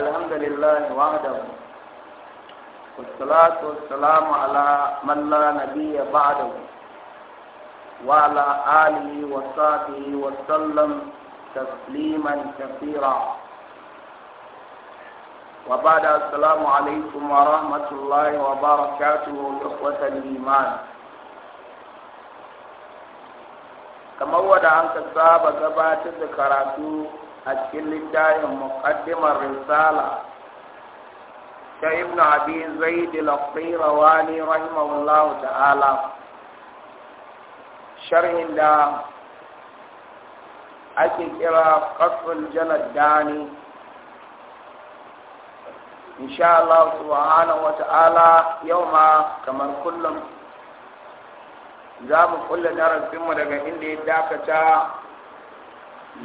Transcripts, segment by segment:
الحمد لله وحده والصلاة والسلام على من لا نبي بعده وعلى آله وصحبه وسلم تسليما كثيرا وبعد السلام عليكم ورحمة الله وبركاته إخوة الإيمان kamar wadda an ka saba gabatar da karatu a cikin littafin muqaddimar ta ibn abi zaid al-qayrawani rahimahullahu ta'ala sharhin da ake kira qasrul janar dani insha Allah subhanahu wa ta'ala yau ma kamar kullum za mu kulle darasinmu daga inda ya dakata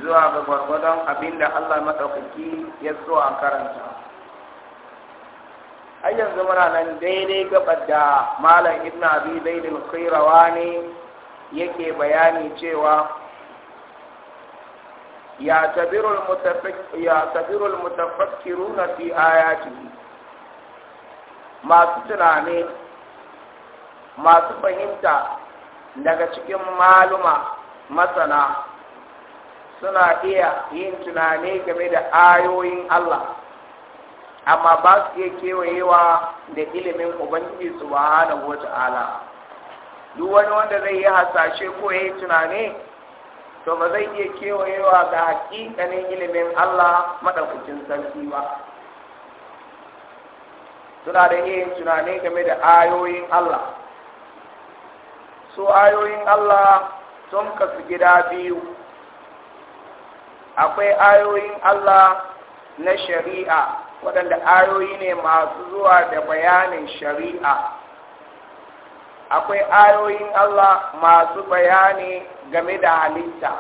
zuwa ga gwargwadon abin da Allah maɗaukaki ya so a karanta har yanzu muna nan daidai gabar da malam ibn abi zaidul khairawa ne yake bayani cewa ya tabirul mutafakkiru na fi ayati masu tunani masu fahimta daga cikin maluma masana suna iya yin tunani game da ayoyin Allah amma ba su iya kewayewa da ilimin ubangiji wata ala. duk wani wanda zai yi hasashe ko ya yi tunani to ba zai iya kewayewa ga hakikanin ilimin Allah madaukakin sarki ba suna da iya yin tunani game da ayoyin Allah su ayoyin Allah sun kasu gida biyu akwai ayoyin Allah na shari'a waɗanda ayoyi ne masu zuwa da bayanin shari'a akwai ayoyin Allah masu bayani game da halitta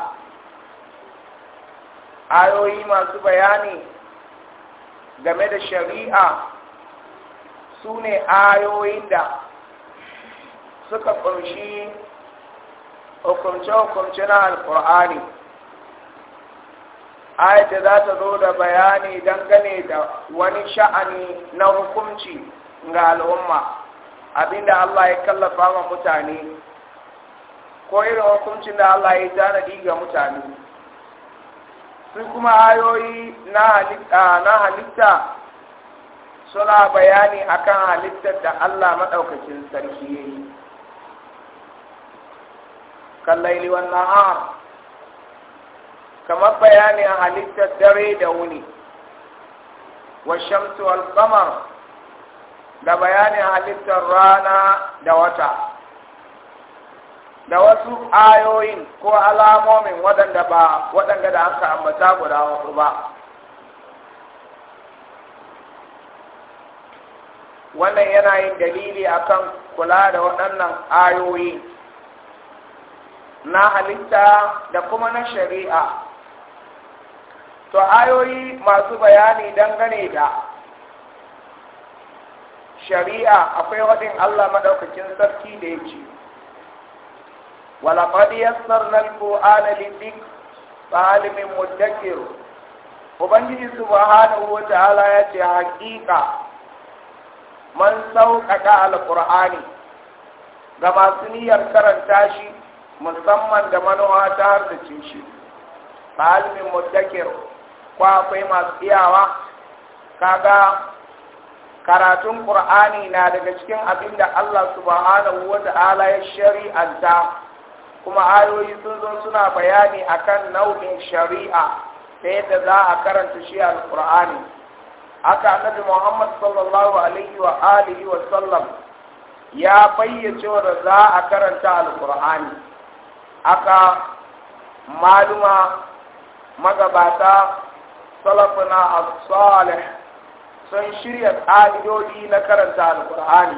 ayoyi masu bayani game da shari'a su ne ayoyin da suka ƙunshi hukunce-hukunce na alƙur'ani aisha za ta zo da bayani dangane da wani sha'ani na hukunci ga al'umma abinda Allah ya kallafa wa mutane ko irin hukuncin da Allah ya tanadi ga mutane su kuma ayoyi na halitta suna bayani akan halittar da Allah maɗaukacin sarki ya yi kallaili wannan har kamar bayanin halittar dare da wuni wa shamsu wal qamar da bayanin halittar rana da wata da wasu ayoyin ko alamomin waɗanda ba waɗanda da aka ambata guda wasu ba wannan yana yin dalili akan kula da waɗannan ayoyi na halitta da kuma na shari'a to ayoyi masu bayani dangane da shari'a akwai wadin Allah madaukakin sarki da ya ce walaƙad yassarna al-qur'ana lidhikr fa'alimin muddakir ubangiji subhanahu wa ta'ala ya ce haƙiƙa man sauƙaƙa al-qur'ani ga masu niyyar karanta shi musamman da manowa ta harkace shi fa'alimin muddakir ko akwai masu iyawa kaga karatun ƙur'ani na daga cikin abin da Allah subhanahu wa ta'ala ya shari'anta kuma ayoyi sun zo suna bayani akan nau'in shari'a ta yadda za a karanta shi al-ƙur'ani. haka annabi Muhammad sallallahu alaihi wa alihi wa sallam ya fayyace wa za a karanta alqur'ani aka maluma magabata salafuna as sun shirya ƙa'idodi na karanta alƙur'ani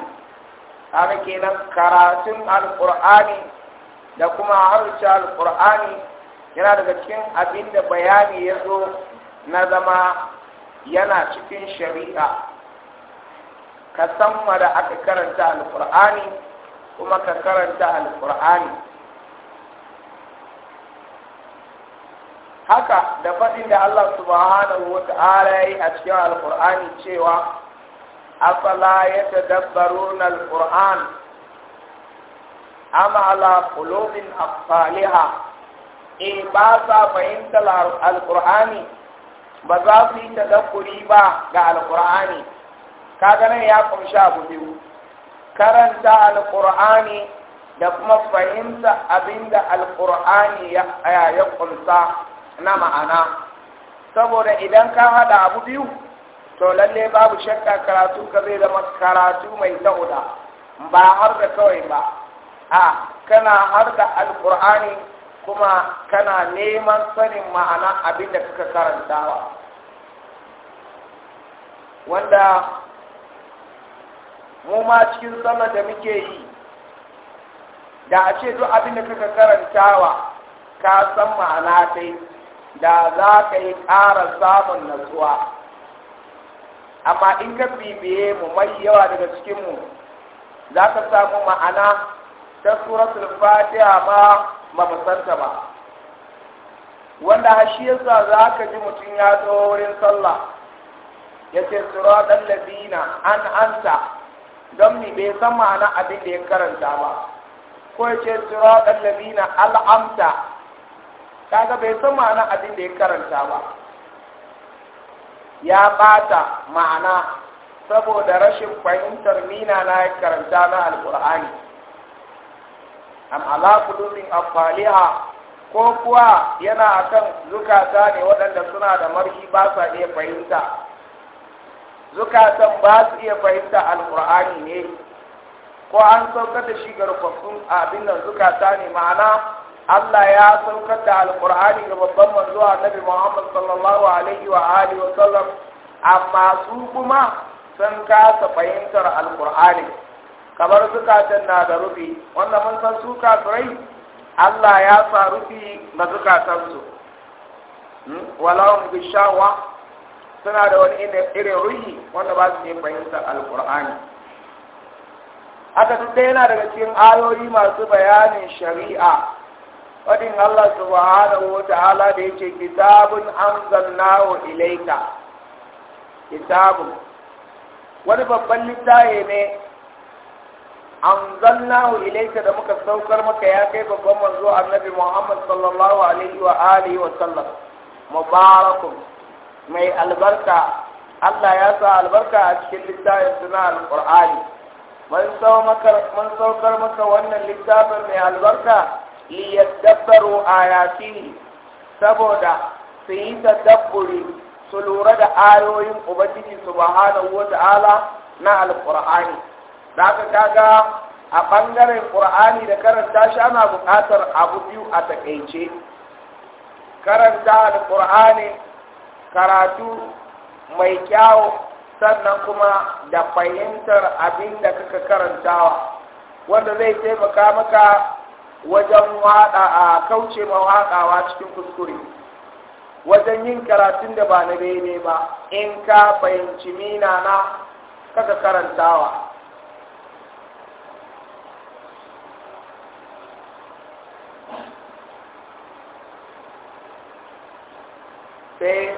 haka kenan karatun alƙur'ani da kuma harshe alƙur'ani yana daga cikin abin da bayani ya zo na zama yana cikin shari'a ka san da aka karanta alƙur'ani kuma ka karanta alƙur'ani haka da faɗin da Allah subhanahu wa ta'ala yayi a cikin alqur'ani cewa afala yatadabbaruna alqur'an am ala qulubin aqfaliha in eh, ba sa fahimtar alqur'ani ba za su yi tadabburi ba ga alqur'ani kaga nan ya kunshi abu biyu karanta alƙur'ani da kuma fahimta abinda alƙur'ani ya ya kunsa na ma'ana saboda idan ka haɗa abu biyu to lalle babu shakka karatu ka zai zama karatu mai sauda ba har da kawai ba a kana har da alkur'ani kuma kana neman sanin ma'ana abin da kaka karantawa wanda mu ma cikin sama da muke yi da a ce duk abin da kaka karantawa ka san ma'ana dai da za ka yi ƙara samun natsuwa amma in ka bibiye mu mai yawa daga cikinmu za ka samu ma'ana ta suratul fatiha ma mafasarta ba wanda hashi yasa za ka ji mutum ya zo wurin sallah ya ce ɗan labina an ansa don ni bai san ma'ana abin da ya karanta ba ko ya ce ɗan labina al'amta kaga bai san ma'ana abin da ya karanta ba ya bata ma'ana saboda rashin fahimtar mina na ya karanta na alkur'ani am ala afaliha ko kuwa yana kan zukata ne waɗanda suna da marhi ba sa iya fahimta zukatan ba su iya fahimta alkur'ani ne ko an sauka da shi kwafin abin nan zukata ne ma'ana Allah ya saukar da alkur'ani ga babban manzo annabi Muhammad sallallahu alaihi wa alihi wa sallam amma su kuma sun kasa fahimtar alkur'ani kamar zukatan na da rufi wanda mun san su kafirai Allah ya sa rufi na zukatansu hmm? walahum bishawa suna da wani irin ruhi wanda ba su yi fahimtar alkur'ani haka duk yana daga cikin ayoyi masu bayanin shari'a Faɗin Allah subhanahu wa ta'ala da yake kitabun anzalnahu ilaika kitabun wani babban littaye ne anzalnahu ilaika da muka saukar maka ya kai babban manzo annabi Muhammad sallallahu alaihi wa alihi wa sallam mubarakun mai albarka Allah ya sa albarka a cikin littafin suna Alƙur'ani. mun saukar maka wannan littafin mai albarka liyaddabbaru ayatihi saboda su yi tadabburi su lura da ayoyin ubangiji subhanahu wata'ala na alqur'ani da kaga a bangaren qur'ani da karanta shi ana buƙatar abu biyu a takeice karanta alqur'ani karatu mai kyau sannan kuma da fahimtar abin da kaka karantawa wanda zai taimaka maka wajen waɗa a kauce ma cikin kuskure wajen yin karatun da ba na daidai ba in ka fahimci mina na kaka karantawa sai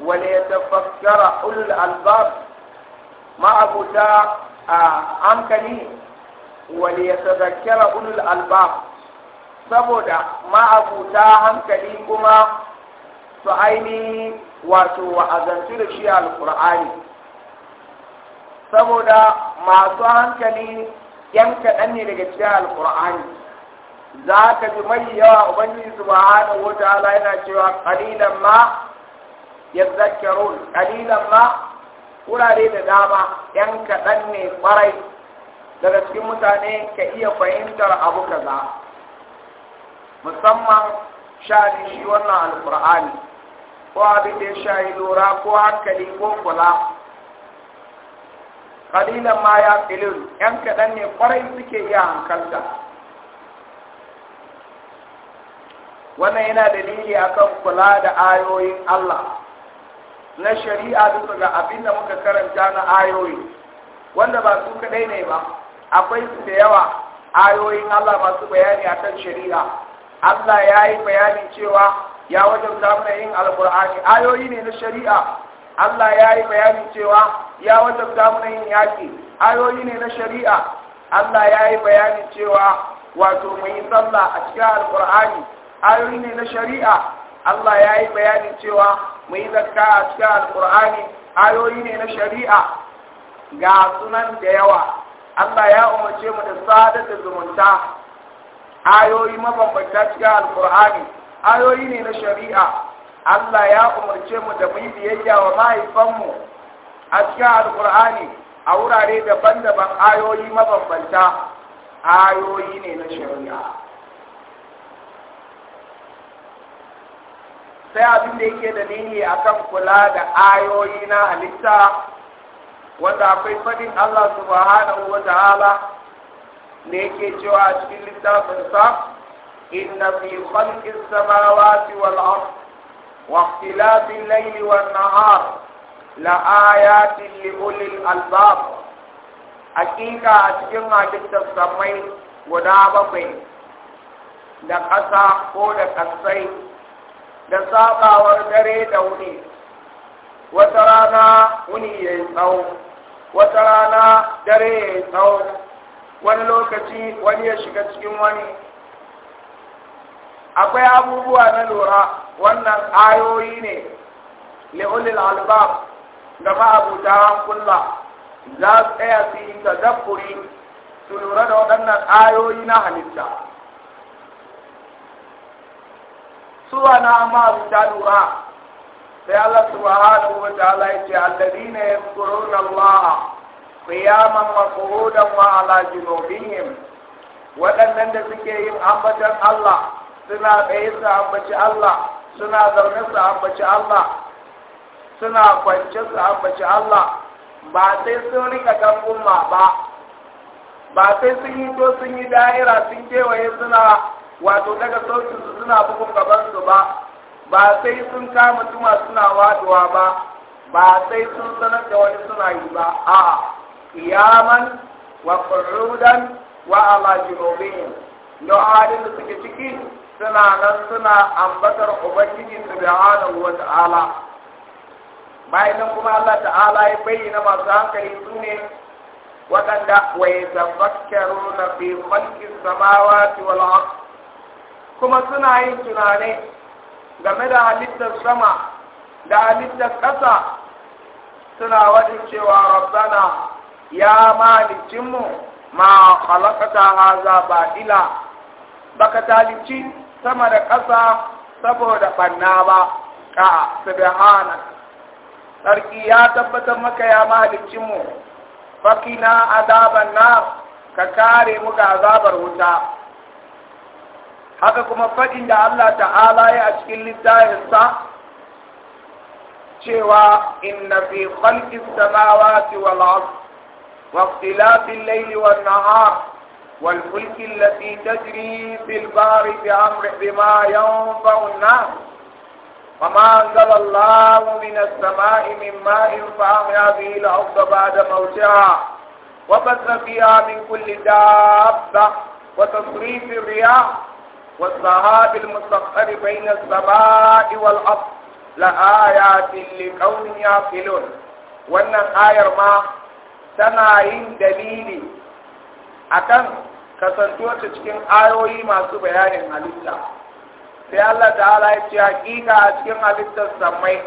wale ya tafakkara ulul albab ma'abuta hankali wani ya tazakira ulul albab saboda ma'abuta hankali kuma su aini wato wa'azantu da shi alkur'ani saboda masu hankali yan kaɗan ne daga cikin alkur'ani za ka ji mai yawa ubangiji subhanahu wa ta'ala yana cewa qalilan ma yadhakkarun qalilan ma wurare da dama yan kaɗan ne kwarai daga cikin mutane ka iya fahimtar abu kaza musamman sha'ani shi wannan alkur'ani ko abin da ya lura ko hankali ko kula kalilan ma ya filin yan kaɗan ne kwarai suke iya hankalta wannan yana dalili akan kula da ayoyin Allah na shari'a duka ga abin da muka karanta na ayoyi wanda ba su kadai ne ba akwai su da yawa ayoyin Allah masu bayani a kan shari'a Allah ya yi bayanin cewa ya wajen mana yin alkur'ani ayoyi ne na shari'a Allah ya yi bayanin cewa ya wajen mana yin yaƙi ayoyi ne na shari'a Allah ya yi bayanin cewa wato mu sallah a cikin alkur'ani ayoyi ne na shari'a Allah ya yi bayanin cewa mu yi zakka a cikin Alƙur'ani. ayoyi ne na shari'a ga sunan da yawa Allah ya umarce mu da sadar da zumunta ayoyi mabambanta cikin alkur'ani ayoyi ne na shari'a Allah ya umarce mu da mu yi biyayya wa mahaifanmu a cikin a wurare daban-daban ayoyi mabambanta ayoyi ne na shari'a sai abin da yake dalili akan kula da ayoyi na halitta wanda akwai fadin Allah subhanahu wa ta'ala ne yake cewa a cikin littafin sa inna fi khalqis samawati wal ard wa ikhtilafil layli wan nahar la ayatin li ulil albab hakika a cikin halittar samai guda bakwai da ƙasa ko da ƙasai da sakawar dare da wuni wata rana wuni ya yi tsawo wata rana dare ya yi tsawo wani lokaci wani ya shiga cikin wani akwai abubuwa na lura wannan ayoyi ne li'ulil albab da ma'abuta hankula za su tsaya su yi tadabburi su lura da waɗannan ayoyi na halitta suwa na su ta lura sai Allah subhanahu wa ta'ala ce alladina yadhkuruna Allah qiyaman wa qu'udan wa ala jinubihim waɗannan da suke yin ambatan Allah suna tsaye su ambaci Allah suna zaune su ambaci Allah suna kwance su ambaci Allah ba sai sun rika gambun ba ba sai sun yi to sun yi da'ira sun kewaye suna wato daga sautin suna bugun gaban ba ba sai sun kama tuma suna waduwa ba ba sai sun sanar da wani suna yi ba a iyaman wa kurudan wa alajirobin junubihim halin da suke ciki suna nan suna ambatar ubangiji subhanahu wa ta'ala bayan nan kuma Allah ta'ala ya bayyana masu hankali su ne waɗanda wa na fi khalqis samawa wal kuma suna yin tunane game da halittar sama da halittar ƙasa suna wajen cewa rabbana ya malicinmu ma halakata haza baɗila baka talici sama da ƙasa saboda ɓanna ba ka subhanak sarki ya tabbatar maka ya malicinmu fakina azaban na ka kare muka azabar wuta haka kuma faɗin da Allah ta'ala ya a cikin littafin sa cewa inna fi khalqis samawati wal ard wa ikhtilafil layli wan nahar wal fulki allati tajri fil bahri bi amri bima yanfa'u an-nas وما أنزل الله من السماء من ماء فأحيا به الأرض بعد موتها وبث فيها من كل دابة وتصريف الرياح والذهاب المستقر بين السماء والأرض لآيات لقوم يعقلون wannan ayar ma tana yin dalili akan kasantuwar ta cikin ayoyi masu bayanin halitta sai Allah ta'ala ya ce hakika a cikin halittar samai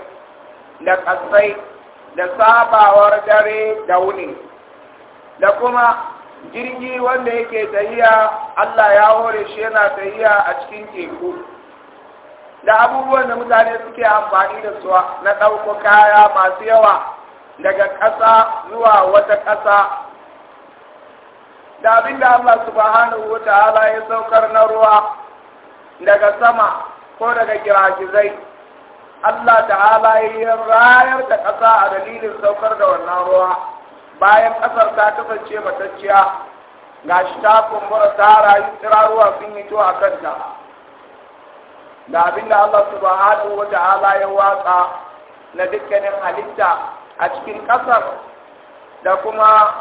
da kasai da sabawar dare da wuni da kuma jirgi wanda yake tahiya Allah ya hore shi yana tahiya a cikin teku da abubuwan da mutane suke amfani da su na ɗauko kaya masu yawa daga ƙasa zuwa wata ƙasa da abin da Allah subhanahu wa ta'ala ya saukar na ruwa daga sama ko daga giragizai Allah ta'ala ya rayar da ƙasa a dalilin saukar da wannan ruwa bayan ƙasar ta kasance matacciya gashi ta kumbura ta rayu tsirarwa sun yi to a kanta da abinda Allah haɗu wata ala ya watsa na dukkanin halitta a cikin ƙasar da kuma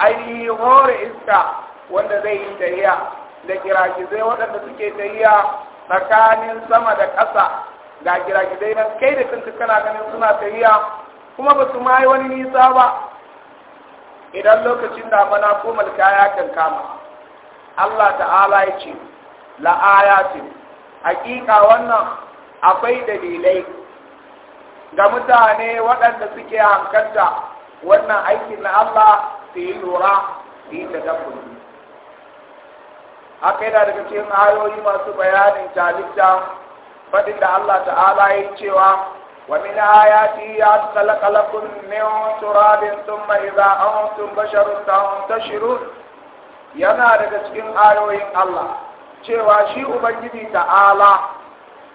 ainihin hore iska wanda zai yi tahiya da giragizai waɗanda suke tahiya tsakanin sama da ƙasa ga giragizai na kai da kanka kana ganin suna tahiya kuma ba su ma wani nisa ba idan lokacin damana ko malka ya kan kama Allah ta'ala ya ce la'ayatin hakika wannan akwai dalilai ga mutane waɗanda suke hankalta wannan aikin na Allah su yi lura su yi tadabburi haka yana daga cikin ayoyi masu bayanin talibta faɗin da Allah ta'ala ya cewa ومن آياته أن خلق لكم من تراب ثم إذا أنتم بشر تنتشرون yana daga cikin ayoyin Allah cewa shi Ubangiji ta'ala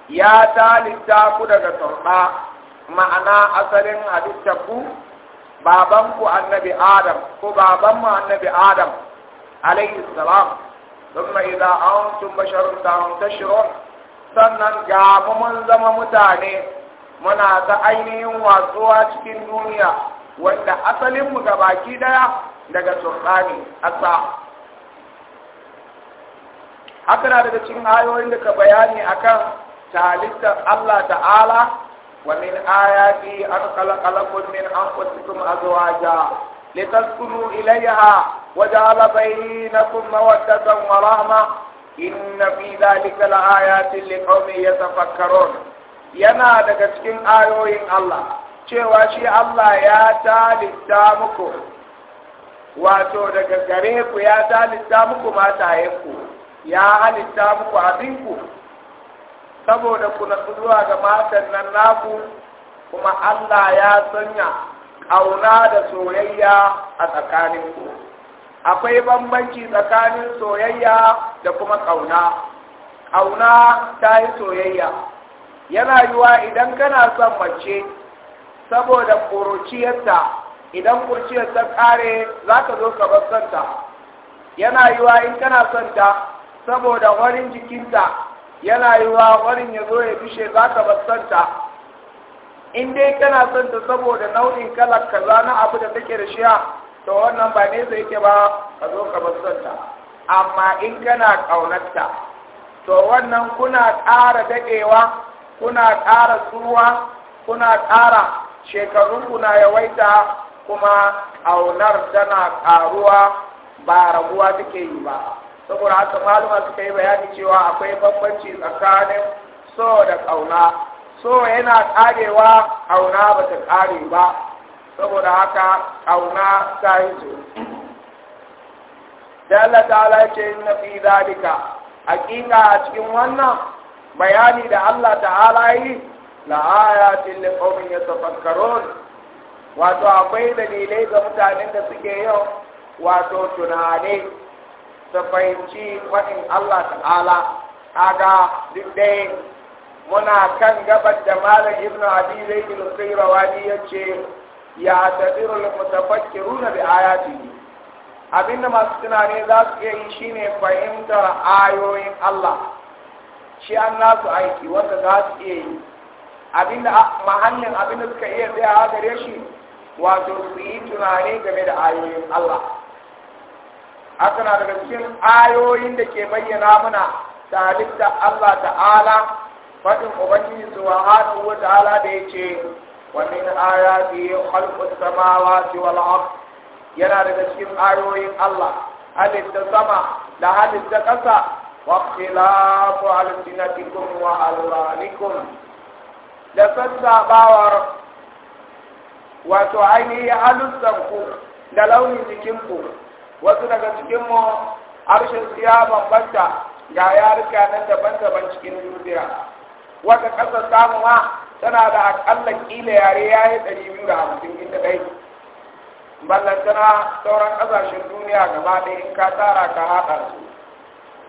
ya talita ku daga turɓa ma'ana asalin halittarku babanku annabi Adam ko babanmu annabi Adam alaihi salam ثم إذا أنتم بشر تنتشرون sannan ga mun zama mutane muna ta ainihin watsuwa cikin duniya wanda asalinmu ga baki daya daga turɓani asa haka na daga cikin ayoyin da ka bayani akan talittar Allah ta'ala wa min ayati an khalaqalakum min anfusikum azwaja litaskunu ilayha wa ja'ala bainakum mawaddatan wa rahma inna fi dhalika laayatin liqaumin yatafakkarun yana daga cikin ayoyin Allah cewa shi Allah ya talitta muku wato daga gare ku ya talitta muku matayenku ya halitta muku abinku saboda ku na zuwa ga matan nan naku kuma Allah ya sanya ƙauna da soyayya a tsakaninku akwai bambanci tsakanin soyayya da kuma ƙauna ƙauna ta yi soyayya yana yiwa idan kana son mace saboda ƙuruciyarta idan ƙuruciyarta ta ƙare za ka zo ka bar santa yana yiwa in kana son ta saboda warin jikinta yana yiwa warin ya zo ya bishe za ka bar santa in dai kana son ta saboda nau'in kalar kaza na abu da take da shiya to wannan ba ne zai ke ba ka zo ka bar santa amma in kana ƙaunarta to wannan kuna ƙara daɗewa kuna ƙara tsuruwa kuna ƙara shekarunku na yawaita kuma aunar tana ƙaruwa ba rabuwa take yi ba saboda haka maluma suka yi bayani cewa akwai bambanci tsakanin so da ƙauna so yana ƙarewa ƙauna ba ta ƙare ba saboda haka ƙauna ta yi zo da Allah ta ce na fi zalika hakika a cikin wannan bayani da Allah ta'ala yi la ayatin li qaumin yatafakkarun wato akwai dalilai ga mutanen da suke yau wato tunane su fahimci wa'in Allah ta'ala aga duk dai muna kan gabar da malam ibnu abi zaid al-qayrawani yace ya tadiru al-mutafakkiruna bi ayatihi abinda masu tunane za su iya yi shine fahimtar ayoyin Allah shi an nasu aiki wanda za su iya yi abinda mahallin abinda suka iya tsayawa gare shi wato su yi tunani game da ayoyin Allah haka na daga cikin ayoyin da ke bayyana mana talitta Allah ta'ala faɗin ubangiji subhanahu wa ta'ala da yace wa min ayati khalqu samawati wal ard yana daga cikin ayoyin Allah halitta sama da halitta ƙasa ko واختلاف ألسنتكم وألوانكم لسن باور wato ainihi halittanku da launin jikinku wasu daga cikinmu harshen su ya bambanta ga yarika nan daban-daban cikin duniya wata ƙasa samuwa tana da aƙalla ƙila yare ya yi ɗari biyu da hamsin inda ɗai ballantana sauran ƙasashen duniya gaba ɗaya in ka tara ka haɗa su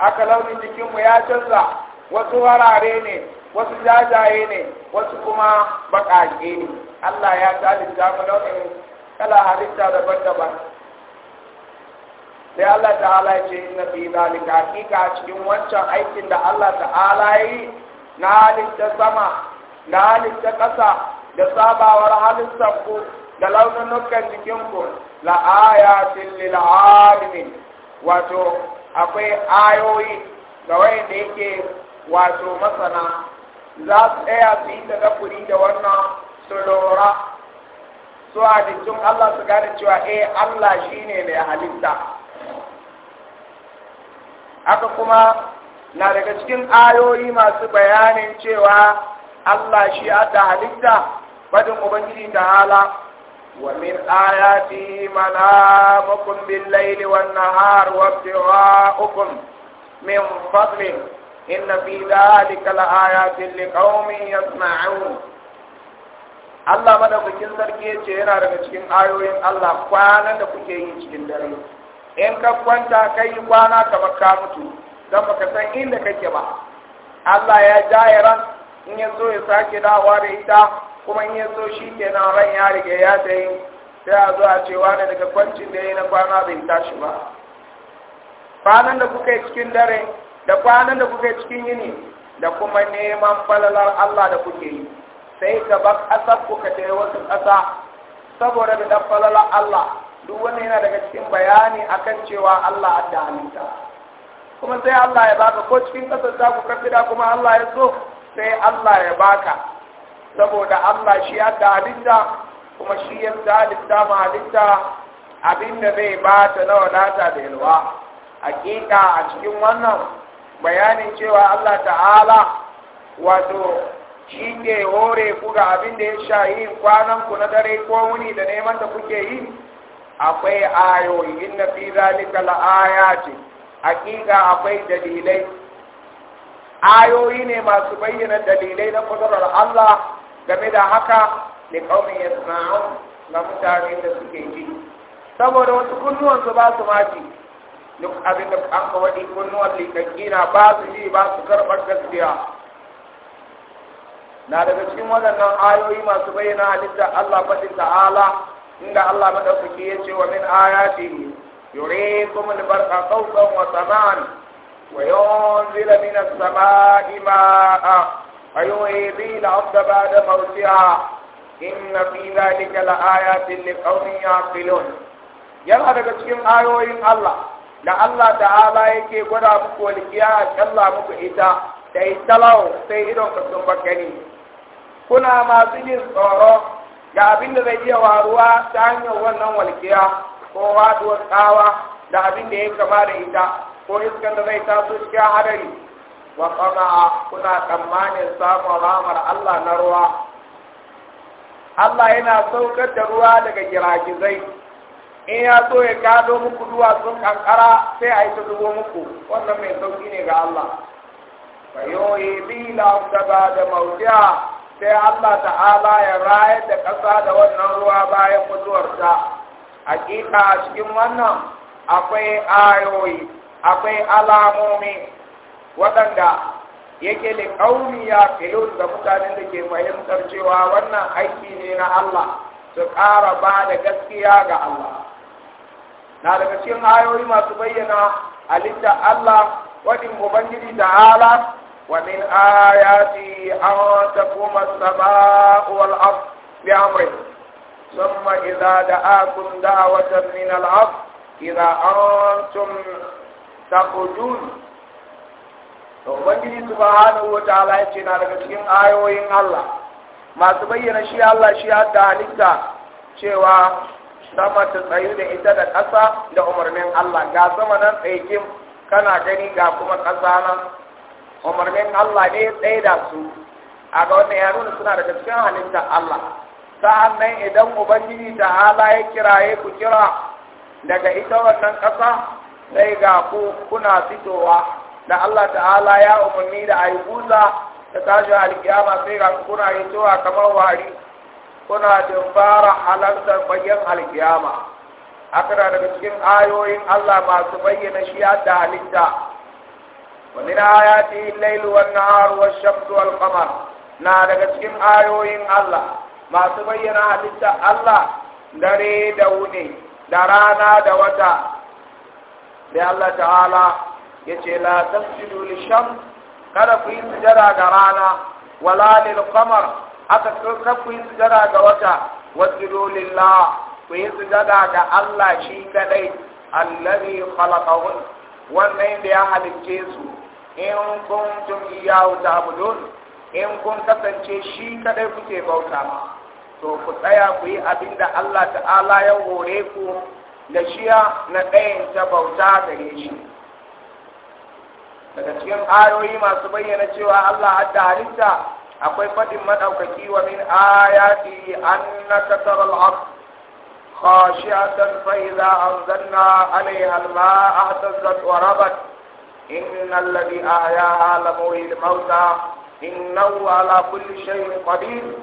haka launin jikinmu ya canza wasu harare ne wasu jajaye ne wasu kuma baƙaƙe ne Allah ya halitta mu launin kala halitta daban-daban sai Allah ta'ala ce na fi zalika hakika cikin wancan aikin da Allah ta'ala yi na halitta sama da halitta ƙasa da sabawar halittar ku da launukan jikinku la ayatin wato akwai ayoyi ga wayanda yake wato masana za su ɗaya su yi tadabburi da wannan su lura su halittun Allah su gane cewa eh Allah shi ne mai halitta haka kuma na daga cikin ayoyi masu bayanin cewa Allah shi adda halitta badin ubangiji ta hala ومن آياته منامكم بالليل والنهار وابتغاؤكم من فضله إن في ذلك لآيات لقوم يسمعون Allah madaukakin sarki ya ce yana daga cikin ayoyin Allah kwanan da kuke yi cikin dare in ka kwanta ka yi kwana kamar ka mutu don baka san inda kake ba Allah ya jaye ran in ya so ya sake dawa da ita kuma in ya so shi ke na ran ya rike, ya ta yi sai a zuwa cewa da daga kwancin da ya na kwana bai tashi ba kwanan da kuka yi cikin dare da kwanan da kuka yi cikin yini da kuma neman falalar Allah da kuke yi sai ka ba ƙasar ku ka ta wasu ƙasa saboda da dan falalar Allah duk wani yana daga cikin bayani akan cewa Allah adda halitta kuma sai Allah ya baka ko cikin ƙasar za ku karfi da kuma Allah ya so sai Allah ya baka saboda Allah shi ya halitta kuma shi ya halitta ma halitta abinda zai ba ta na wadata da yalwa hakika a cikin wannan bayanin cewa Allah ta'ala wato shi ke hore ku ga abin da ya sha yin kwanan ku na dare ko wuni da neman da kuke yi akwai ayoyi inna fi zalika la ayati hakika akwai dalilai ayoyi ne masu bayyana dalilai na kudurar Allah game da haka da kaumin yasma'un ga mutane da suke ji saboda wasu kunnuwansu ba su mafi. duk abin da an ka waɗi kunnuwan likakki na ba su ji ba su karɓar gaskiya na daga cikin waɗannan ayoyi masu bayyana halitta Allah faɗin ta'ala inda Allah maɗaukaki ya ce wa min ayatihi yurikum al-barqa khawfan wa tama'an وينزل من السماء ماء فيحيي به الأرض بعد موتها إن في ذلك لآيات لقوم يعقلون yana daga cikin ayoyin Allah da Allah ta'ala yake gwada muku walƙiya a ƙalla muku ita da italau sai idon ka sun bakani kuna masu jin tsoro ga abin da zai iya waruwa ta hanyar wannan walƙiya ko waduwar tsawa da abin da ya kama da ita ko iska da zai taso cikin hadari wa kama kuna tsammanin samun ramar Allah na ruwa Allah yana saukar da ruwa daga giragizai in ya so ya gado muku sun kankara sai a yi ta zubo muku wannan mai sauki ne ga Allah fayoyi bila da ba da mautiya sai Allah ta'ala ya rayar da ƙasa da wannan ruwa bayan mutuwarta hakika cikin wannan akwai ayoyi akwai alamomi waɗanda yake da ƙauni ya filon da mutanen da ke fahimtar cewa wannan aiki ne na Allah su ƙara ba da gaskiya ga Allah na daga cikin ayoyi masu bayyana halitta Allah waɗin Ubangiji da ala wa min ayati an ta kuma saba wal af bi amrihi ثم إذا دعاكم min من الأرض إذا أنتم taqulun وبنجي ubangiji subhanahu wataala ya ce na daga cikin ayoyin Allah masu bayyana shi Allah shi ya da cewa sama ta tsayu da ita da ƙasa da umarnin Allah ga sama nan tsaikin kana gani ga kuma ƙasa nan umarnin Allah ne tsaye da su a ga wannan ya nuna suna daga cikin halitta Allah sa'an nan idan ubangiji ta hala ya kiraye ku kira daga ita wannan ƙasa sai ga ku kuna fitowa da Allah ta'ala ya umarni da a yi da tashin alkiyama sai ga kuna fitowa kamar wari kuna fara halartar bayan alkiyama haka daga cikin ayoyin Allah masu bayyana shi da halitta wani na ya ce lailu wannan haruwar والشمس والقمر na daga cikin ayoyin Allah masu bayyana halitta Allah dare da wuni da rana da wata sai Allah ta'ala ya ce la tasjudu lisham kada ku yi sujada ga rana wala lil qamar aka kada ku yi sujada ga wata wasjudu lillah ku yi sujada ga Allah shi kadai allazi khalaqahun wannan da ya halicce su in kuntum iyyahu ta'budun in kun kasance shi kadai kuke bauta to ku tsaya ku yi abinda Allah ta'ala ya hore ku da shiya na ɗayan ta bauta gare shi daga cikin ayoyi masu bayyana cewa Allah hadda halitta akwai faɗin maɗaukaki wa min ayati annaka taral abd khashi'atan fa idza anzalna 'alayha al-ma'a ihtazzat wa rabat innal ladhi ahyaha lamuhyil mauta innahu ala kulli shay'in qadir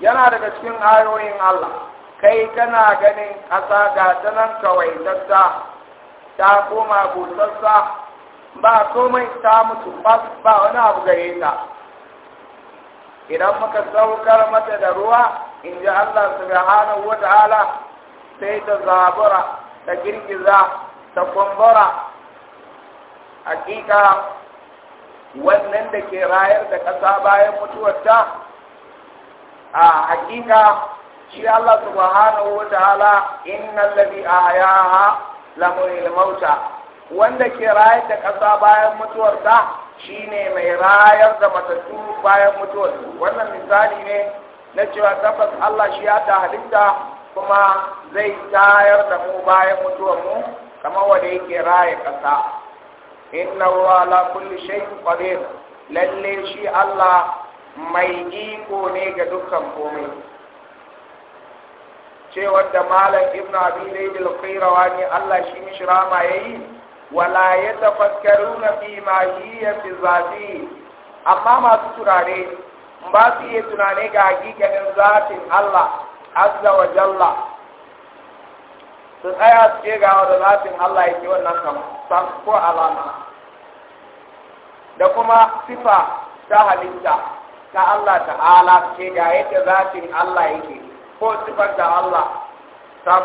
yana daga cikin ayoyin Allah kai kana ganin ƙasa ga ta nan tatta ta koma busassa ba komai ta mutu ba wani abu gare ta idan muka saukar mata da ruwa in ji Allah subhanahu wata ta'ala sai ta zabura ta girgiza ta kumbura hakika wannan da ke rayar da ƙasa bayan mutuwarta a hakika shi Allah subhanahu wa ta'ala a ladhi ahyaha lamul mauta wanda ke rayar da ƙasa bayan shi shine mai rayar da matattu bayan mutuwar. wannan misali ne na cewa tabbas Allah shi ya ta halitta kuma zai tayar da mu bayan mutuwar mu kamar wanda yake raya ƙasa inna Allah la kulli shay'in qadir lalle shi Allah mai iko ne ga dukkan komai cewar da malam ibn abi laylil qairawa ne Allah shi mishi rama yayi wala yatafakkaruna fi ma hiya fi zati amma masu turare ba su iya tunane ga hakikanin zatin Allah azza wa jalla su tsaya su ce ga wanda zatin Allah yake wannan kam san ko alama da kuma sifa ta halitta ta Allah ta'ala ce ga yadda zatin Allah yake ko sifar da Allah sam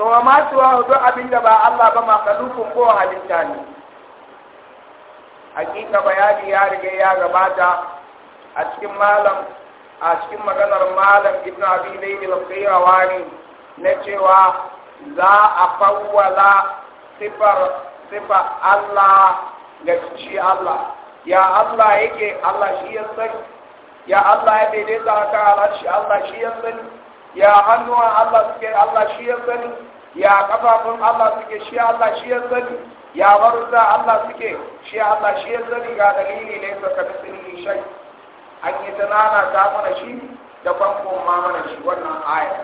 to amma tuwa duk abin da ba Allah ba makalukun ko halitta ne hakika bayani ya riga ya gabata a cikin malam a cikin maganar malam ibn abi layl al-qayrawani na cewa za a fawwala sifar sifar Allah ga ci Allah ya Allah yake Allah shi ya sani ya Allah ya daidaita haka alashi Allah shi ya sani ya hannuwa Allah suke Allah shi ya sani ya kafafun Allah suke shi Allah shi ya sani ya warza Allah suke shi Allah shi ya sani ga dalili ne saka misali shai an yi tanana ta mana shi da bankon ma mana shi wannan aya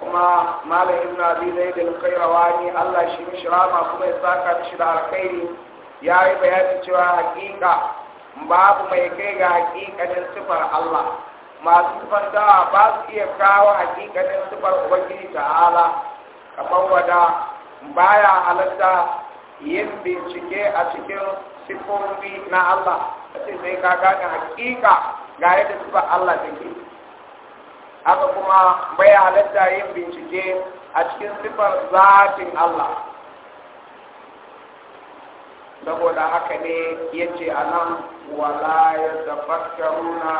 kuma malam ibn abi zaid al-qayrawani Allah shi mishi rama kuma ya saka shi da alkhairi yayi bayani cewa hakika babu mai kai ga hakikanin sifar Allah masu fantawa ba su iya kawo hakikanin sifar ubangiji ta'ala kamar wada baya halatta yin bincike a cikin sifofi na Allah sai sai ka gane hakika ga yadda sifar Allah take haka kuma baya halatta yin bincike a cikin sifar zatin Allah saboda haka ne ya ce a nan wala ya tafakkaruna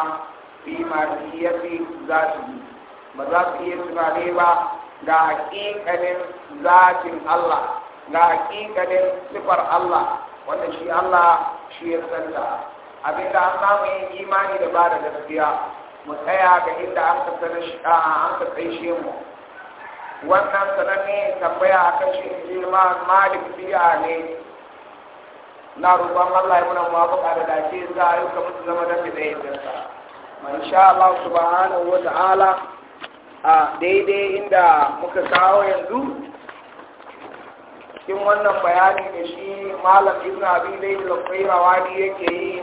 fi mahiyafi za su yi ba za su iya tunane ba ga hakikanin zatin Allah ga hakikanin sifar Allah wanda shi Allah shi ya sanda abinda an samu yin imani da ba da gaskiya mu tsaya ga inda an ka tsaye shi mu wannan sanannen tambaya a shi jirma malik biya ne na roƙon Allah ya muna muwafaqa da dace za a ka mutu zama da da yadda man sha Allah subhanahu wa ta'ala a daidai inda muka kawo yanzu cikin wannan bayani da shi malam ibn abi lail al-qayrawani yake yi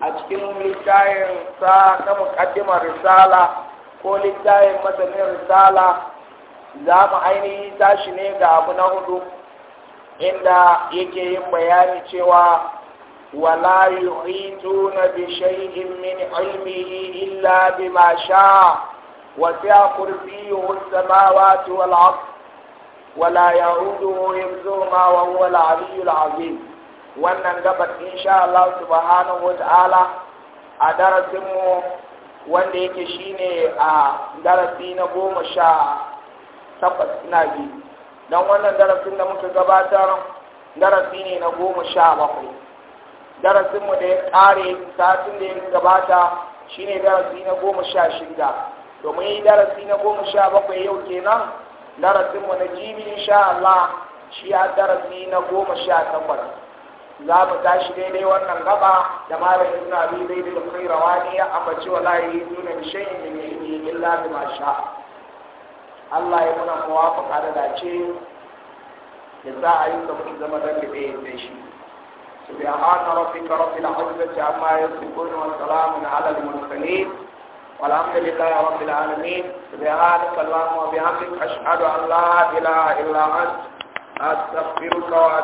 a cikin littafin sa na muqaddimar risala ko littafin masanin risala za mu ainihi tashi ne ga abu na hudu inda yake yin bayani cewa wala yuhituna bi shay'in min ilmihi illa bima sha wa sa'a kursiyuhu as-samawati wal ard wala ya'uduhu hifzuhuma wa huwa al-'aliyyu al-'azim wannan gabar insha Allah subhanahu wa ta'ala a darasin mu wanda yake shine a darasi na goma sha takwas na biyu don wannan darasin da muka gabatar darasi ne na goma sha bakwai darasinmu da ya ƙare satin da ya gabata shi ne darasi na goma sha shida domin yi darasi na goma sha bakwai yau kenan darasinmu na jibin sha Allah shi ya darasi na goma sha takwas za mu tashi daidai wannan gaba da suna bi abi da kai qayrawani ya ambaci yi yunan shay'in min ilmi illa da masha. Allah ya muna muwafaka da dace ya sa ayyukan mu zama dangabe da shi سبحان ربك رب العزة عما يصفون وسلام على المرسلين والحمد لله رب العالمين سبحانك اللهم وبحمدك أشهد أن لا إله إلا أنت أستغفرك وأتوب